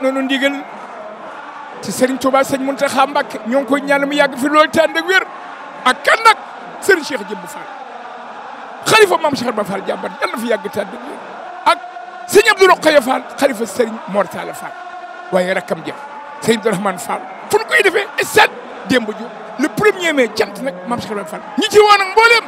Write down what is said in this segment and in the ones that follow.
jox nañu ndigal ci Serigne Touba Serigne Mountakha Mbacké ñoo ngi koy ñaan mu yàgg fi loolu tànn ak wér ak kan nag Serigne Cheikh Jëmb Fall xalifa maam Cheikh Ba Fall jàmbat yàlla fi yàgg tànn ak wér ak Serigne Abdou Rokhaya Fall xalifa Serigne Mortala Fall waaye rakkam jëm Serigne Abdourahmane Fall fu ñu koy defee stade Demba Diop le premier mai cant nag maam Cheikh Ba Fall ñi ci woon ak mbooleem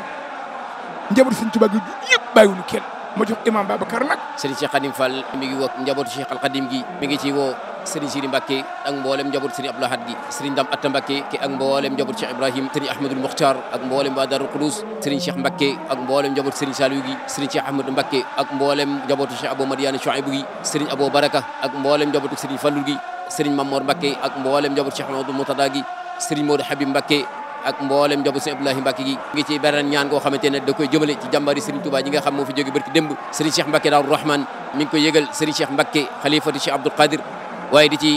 njabootu Serigne Touba gi yëpp bàyyiwuñu kenn. mu jox imam Babacar nag. Serigne Cheikh Khadim Fall mi ngi woo njabootu Cheikh Al Khadim gi mi ngi ci woo Serigne Sidi Mbacke ak mboolem njabootu Serigne Abdou Lahad gi Serigne Dame ak mboolem njabootu Cheikh Ibrahim Serigne Ahmadul Mokhtar ak mboolem waa Darou Khoudoss ak mboolem njabootu Serigne Saliou gi Serigne Cheikh ak mboolem njabootu Cheikh Abou Madiane Chouaibou gi Serigne Abou Baraka ak mboolem njabootu Serigne Fallou gi Serigne Mamor Mbacke ak mboolem njabootu Cheikh Mamadou Moutada gi Serigne Modou Habib Mbacke ak mboolem njabu Sëriñ Abdoulahi Mbacke gi ngi ci beneen ñaan koo xamante ne da koy jëmale ci jàmbari Serigne Touba ji nga xam moo fi jóge barki démb Serigne Cheikh Mbacke Daaru Rahman mi koy yëgal Serigne Cheikh Mbacke xalifatu Cheikh Abdoul Qadir waaye di ci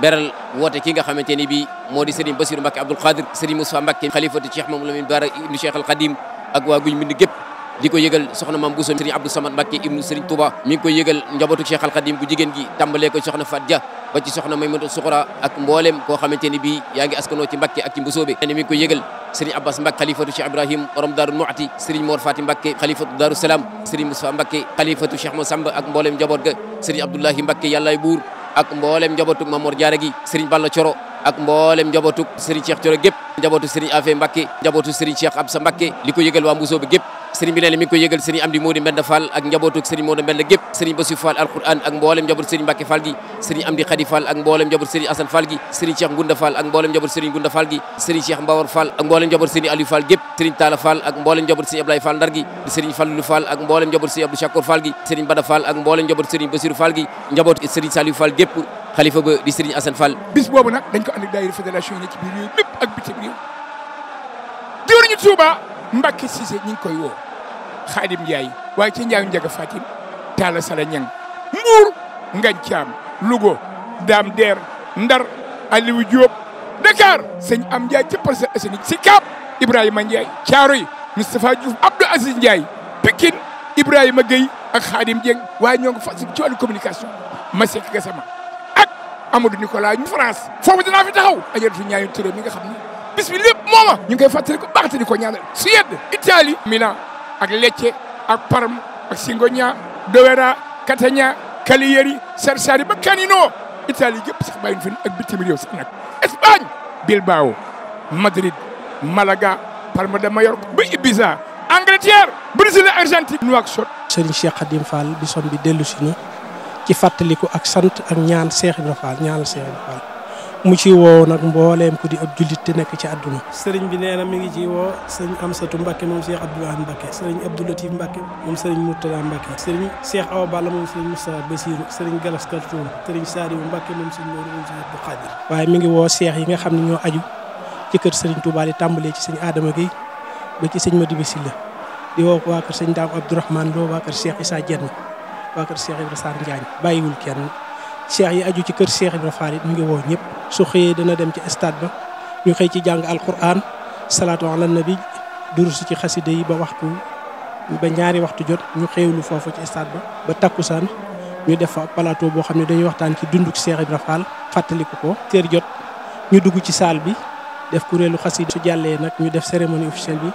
beral woote ki nga xamante ni bii moo di Serigne Bassirou Mbacke Abdoul Qadir Serigne Moussa Mbacke xalifatu Cheikh Mamadou Lamine Bara ibnu ak waa guñ mbind gépp di ko yëgal soxna ma Bousso Serigne Abdou Samad Mbacké ibnu Serigne Touba mi ngi koy yëgal njabootu Cheikh Al Khadim gi tàmbalee ko soxna Fat Dia ba ci soxna Maymoutou Soukhra ak mboolem koo xamante ni bii yaa ngi askanoo ci Mbacké ak ci Mbusoobe mi ngi koy yëgal Serigne Abbas Mbacké xalifatu Cheikh Ibrahim borom Daaru Muxti Serigne Mor Fati Mbacké xalifatu Daaru Salaam Serigne Moussa Mbacké xalifatu Cheikh Massamba ak mboolem njaboot ga Serigne Abdoulahi Mbacké buur ak mboolem njabootu Mamor Diarra gi Serigne Balla Coro ak mboolem njabootu Serigne Cheikh Thioro gépp njabootu Serigne Afé Mbacké njabootu Serigne Cheikh ko yëgal waa Mbusoo bi gépp sëriñ bi nee na mi ngi koy yëgal sëriñ Amdi Modou Mbenda Fall ak njabootuk sëriñ Modou Mbenda gépp sëriñ Bassirou Fall alquran ak mboolem njaboot sëriñ Mbacke Fall gi sëriñ Amdi Khadi Fall ak mboolem njaboot sëriñ Assane Fall gi sëriñ Cheikh Ngunda Fall ak mboolem njaboot sëriñ Ngunda Fall gi sëriñ Cheikh Mbawar Fall ak mboolem njaboot sëriñ Aliou Fall gépp sëriñ Talla Fall ak mboolem njaboot sëriñ Ablaye Fall Ndar gi sëriñ Fallou ak mboolem njaboot sëriñ Abdou Xaadim Njaay waaye ci njaaw njaga fatim taala sala ñang mbuur ngañ caam lugo daam deer ndar aliou diop dakar sëñ am Njaay ci Parcelles Assainies si kaab ibrahima Njaay caaroy moustapha diouf abdou aziz Njaay pikin ibrahima Gueye ak Xaadim Jeng waaye ñoo ngi fas ci wàllu communication Masek Gassama ak amadou nicolas ñu france foofu dinaa fi taxaw ajaratu ñaayu turé mi nga xam ne bis lépp mooma ñu ngi koy fàttali ko baaxte di ko ñaanal Suède Italie Milan ak Lecce ak Parme ak Singoña Dovera Catania Cagliari Sarsari ba Canino Italie yëpp sax bàyyi fi ak bitim réew sax nag Espagne Bilbao Madrid Malaga Palma de Mallorca ba Ibiza Angleterre Brésil Argentine Nouakchott Serigne Cheikh Khadim Fall bi son bi dellusi ni ci fàttaliku ak sant ak ñaan Cheikh Ibrahima Fall ñaanal Cheikh mu ci woo nag mbooleem ku di ab jullit te nekk ci àdduna sëriñ bi nee na mi ngi ci woo sëriñ Amsatu Mbàkke moom Cheikh Abdoulaye Mbàkke sëriñ Abdou Latif Mbàkke moom sëriñ Murtada Mbàkke sëriñ Cheikh Awa Balla moom sëriñ Moussa Basiru sëriñ Galas Kaltoum sëriñ Saari bu Mbàkke moom sëriñ Moodu moom sëriñ Abdu Xaadir waaye mi ngi woo seex yi nga xam ne ñoo aju ci kër sëriñ Touba li tàmbalee ci sëñ Adama Gueye ba ci sëñ Madiba Silla di woo waa kër sëñ Daam Abdourahmane Lo waa kër Cheikh Issa Dieng waa kër Cheikh Ibra Sarr Njaañ bàyyiwul kenn cheikh yi aju ci kër cheikh Ibra Fall it mu ngi woo ñëpp su xëyee dana dem ci stade ba ñu xëy ci jàng alquran salaatu ala nabi durus ci xasida yi ba waxtu ba ñaari waxtu jot ñu xéewlu foofu ci stade ba ba takkusaan ñu def fa plateau boo xam ne dañuy waxtaan ci dunduk Cheikh Ibra Fall fàttaliku ko teer jot ñu dugg ci saal bi def kuréelu xasida su jàllee nag ñu def cérémonie officielle bi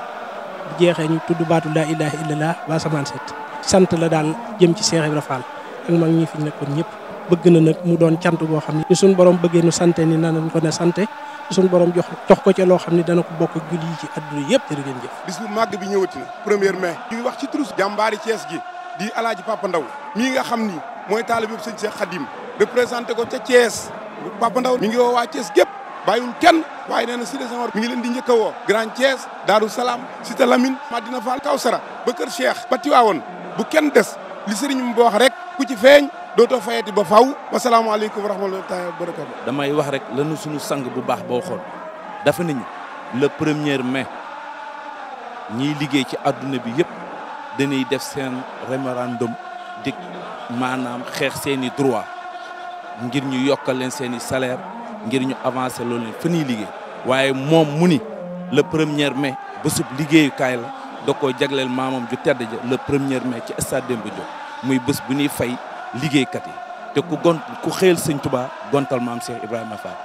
jeexee ñu tudd baatu laa ilaha illallah ba samaan set sant la daal jëm ci Cheikh Ibra ak mag ñi fi nekkoon ñëpp bëgg na nag mu doon cant boo xam ne suñu borom bëggee nu sante ni nanan ko ne sante suñu borom jox ko ca loo xam ne dana ko bokk jul yi ci àdduna yëpp jërë ngeen jëf bis bu màgg bi ñëwati na premier mai ñuy wax ci turu jàmbaari Thiès gi di alaaji Papa Ndaw nga xam ni mooy taalibe bu sëñ Cheikh Khadim représenté ko ca Thiès Papa Ndaw mi ngi woo waa Thiès gépp bàyyiwuñ kenn waaye nee na Cité Senghor mi ngi leen di njëkk woo Grand Thiès Daaru Salaam Cité Lamine Madina Fall Kawsara ba kër Cheikh ba Tiwaawoon bu kenn des li sëriñ mu wax rek ku ci feeñ dootoo fayati ba faw wasalaamaaleykum wa rahmatullahi wa barakatu damay wax rek lanu suñu sang bu baax boo xool dafa nañu le première mais ñiy liggéey ci àdduna bi yëpp dañuy def seen référendum di maanaam xeex seeni droit ngir ñu yokkal leen seen i salaire ngir ñu avancer loolu fa ñuy liggéey waaye moom mu ni le premier mais bésub liggéeyukaay la da koo jagleel maamam ju tedd ja le première mais ci stade bi Diop muy bës bu ñuy fay liggéeykat yi te ku gon ku xeel sëñ Touba gontal maam Cheikh Ibrahima Fall